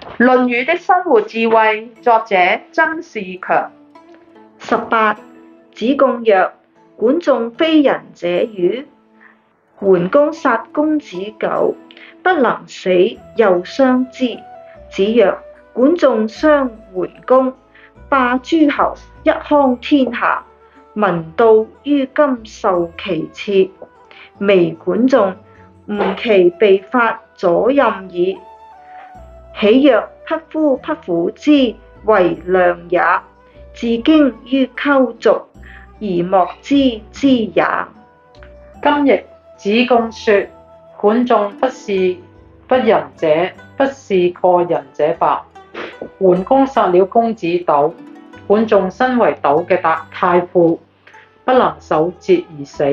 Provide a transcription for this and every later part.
《論語》的生活智慧，作者曾仕強。十八，子貢曰：管仲非人者與？桓公殺公子糾，不能死，又相之。子曰：管仲相桓公，霸諸侯，一匡天下，民到於今受其賜。微管仲，吾其被髮左衽矣。喜曰：匹夫匹婦之為諒也，自經於溝瀆而莫之知也。今日子貢說管仲不是不仁者，不是過仁者吧？桓公殺了公子斗，管仲身為斗嘅太太傅，不能守節而死，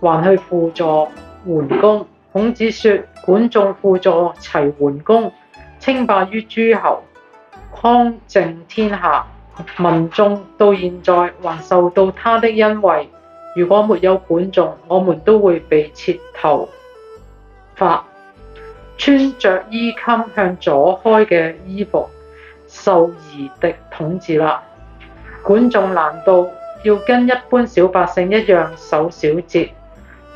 還去輔助桓公。孔子說：管仲輔助齊桓公。稱霸於諸侯，匡正天下，民眾到現在還受到他的恩惠。如果沒有管仲，我們都會被切頭髮，穿着衣襟向左開嘅衣服，受夷狄統治啦。管仲難道要跟一般小百姓一樣守小節，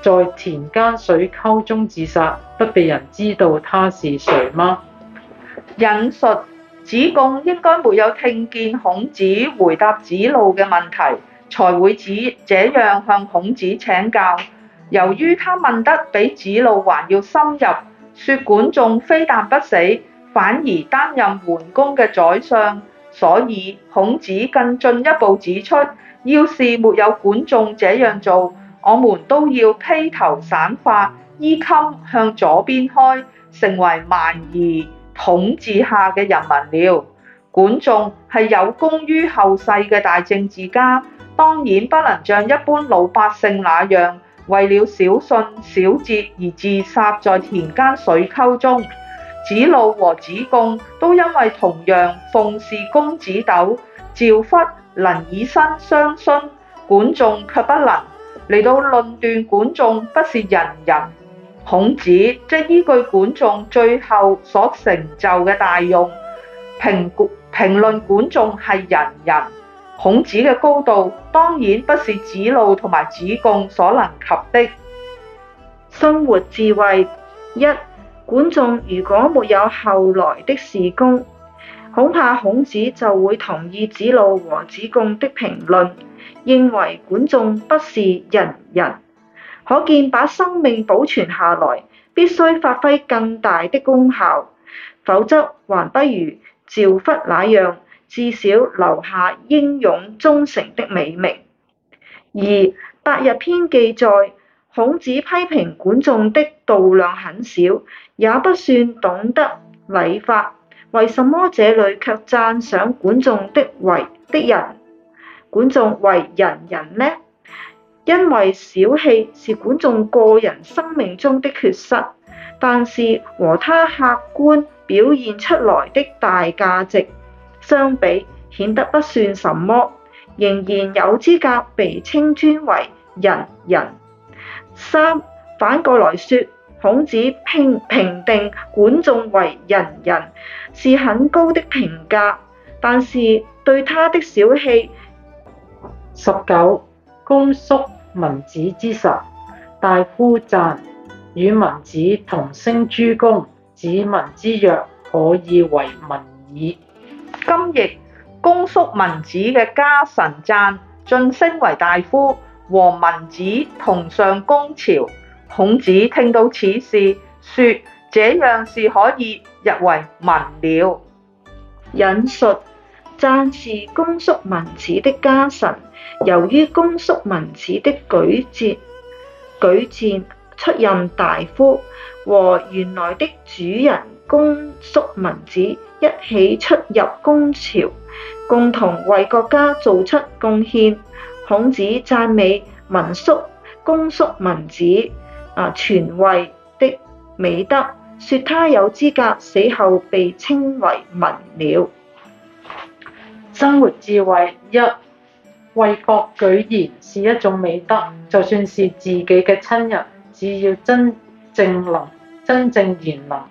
在田間水溝中自殺，不被人知道他是誰嗎？引述子貢應該沒有聽見孔子回答子路嘅問題，才會只這樣向孔子請教。由於他問得比子路還要深入，說管仲非但不死，反而擔任桓公嘅宰相，所以孔子更進一步指出，要是沒有管仲這樣做，我們都要披頭散髮，衣襟向，向左邊開，成為蠻夷。統治下嘅人民了，管仲係有功於後世嘅大政治家，當然不能像一般老百姓那樣，為了小信小節而自殺在田間水溝中。子路和子貢都因為同樣奉事公子糾、召忽，能以身相殉，管仲卻不能，嚟到論斷管仲不是人人。孔子即依據管仲最後所成就嘅大用評估、評論管仲係仁人。孔子嘅高度當然不是子路同埋子貢所能及的。生活智慧一，管仲如果沒有後來的事功，恐怕孔子就會同意子路和子貢的評論，認為管仲不是仁人。可見，把生命保存下來必須發揮更大的功效，否則還不如召忽那樣，至少留下英勇忠誠的美名。而《八佾篇》記載，孔子批評管仲的度量很少，也不算懂得禮法，為什麼這裡却讚賞管仲的為的人？管仲為仁人呢？因為小氣是管仲個人生命中的缺失，但是和他客觀表現出來的大價值相比，顯得不算什麼，仍然有資格被稱尊為仁人。三反過來說，孔子評評定管仲為仁人是很高的評價，但是對他的小氣，十九公叔。文子之臣，大夫贊與文子同升諸公，子聞之曰：可以為文矣。今譯，公叔文子嘅家臣贊，晉升為大夫，和文子同上公朝。孔子聽到此事，說：這樣是可以入為文了。引述。讚是公叔文子的家臣，由於公叔文子的舉薦舉薦出任大夫，和原來的主人公叔文子一起出入公朝，共同為國家做出貢獻。孔子讚美文宿公叔文子啊，全位的美德，說他有資格死後被稱為文了。生活智慧一，為國舉賢是一種美德，就算是自己嘅親人，只要真正能真正賢能，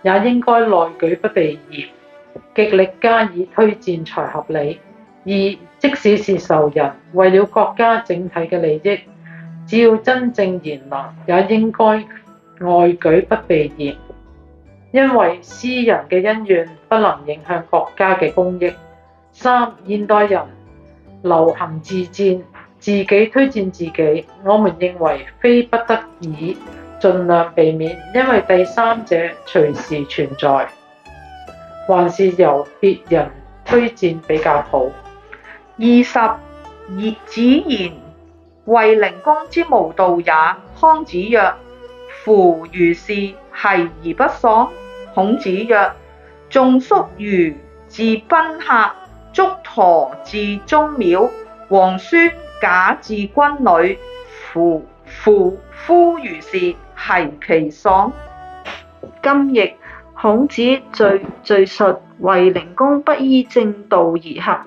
也應該內舉不避賢，極力加以推薦才合理。二，即使是仇人，為了國家整體嘅利益，只要真正賢能，也應該外舉不避賢，因為私人嘅恩怨不能影響國家嘅公益。三，現代人流行自薦，自己推薦自己。我們認為非不得已，盡量避免，因為第三者隨時存在，還是由別人推薦比較好。二十，葉子言：衛靈公之無道也。康子曰：夫如是，奚而不喪。」孔子曰：仲叔圉治賓客，祝陀治宗廟，王孫賈治軍旅，扶扶，夫如是，系其喪。今亦孔子敘敘述衛靈公不依正道而行。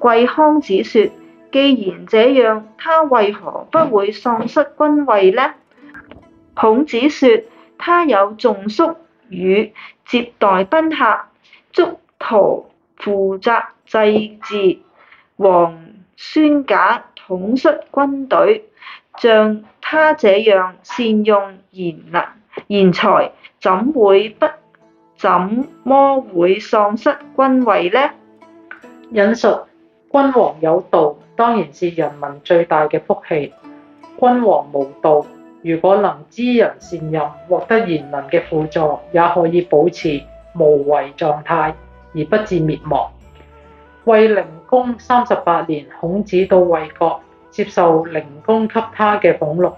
季康子說：既然這樣，他為何不會喪失君位呢？孔子說：他有仲叔圉接待賓客，祝陀。負責祭祀，王孫賈統率軍隊，像他這樣善用賢能賢才，怎會不怎麼會喪失君位呢？引述君王有道，當然是人民最大嘅福氣；君王無道，如果能知人善任，獲得賢能嘅輔助，也可以保持無為狀態。而不至滅亡。衛靈公三十八年，孔子到衛國接受靈公給他嘅俸祿，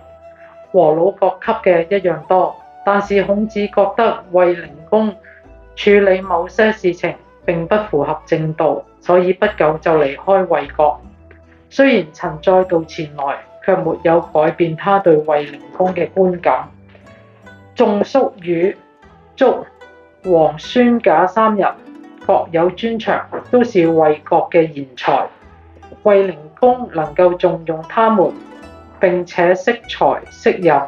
和魯國給嘅一樣多。但是孔子覺得衛靈公處理某些事情並不符合正道，所以不久就離開衛國。雖然曾再度前來，卻沒有改變他對衛靈公嘅觀感。仲叔圉、祝鮀、王孫賈三人。」各有專長，都是衛國嘅賢才。衛靈公能夠重用他們，並且識才識人。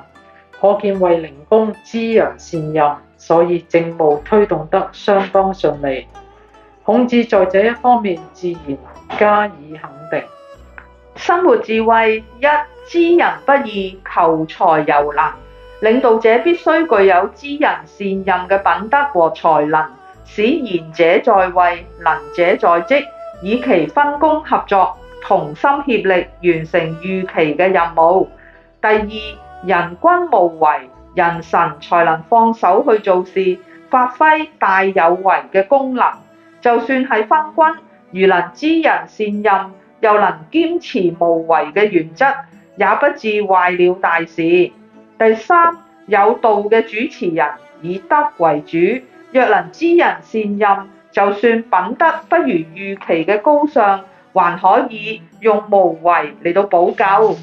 可見衛靈公知人善任，所以政務推動得相當順利。孔子在這一方面自然加以肯定。生活智慧一：知人不易，求才又難。領導者必須具有知人善任嘅品德和才能。使賢者在位，能者在職，以其分工合作，同心協力，完成預期嘅任務。第二，人君無為，人臣才能放手去做事，發揮大有為嘅功能。就算係昏君，如能知人善任，又能堅持無為嘅原則，也不致壞了大事。第三，有道嘅主持人，以德為主。若能知人善任，就算品德不如預期嘅高尚，還可以用無為嚟到補救。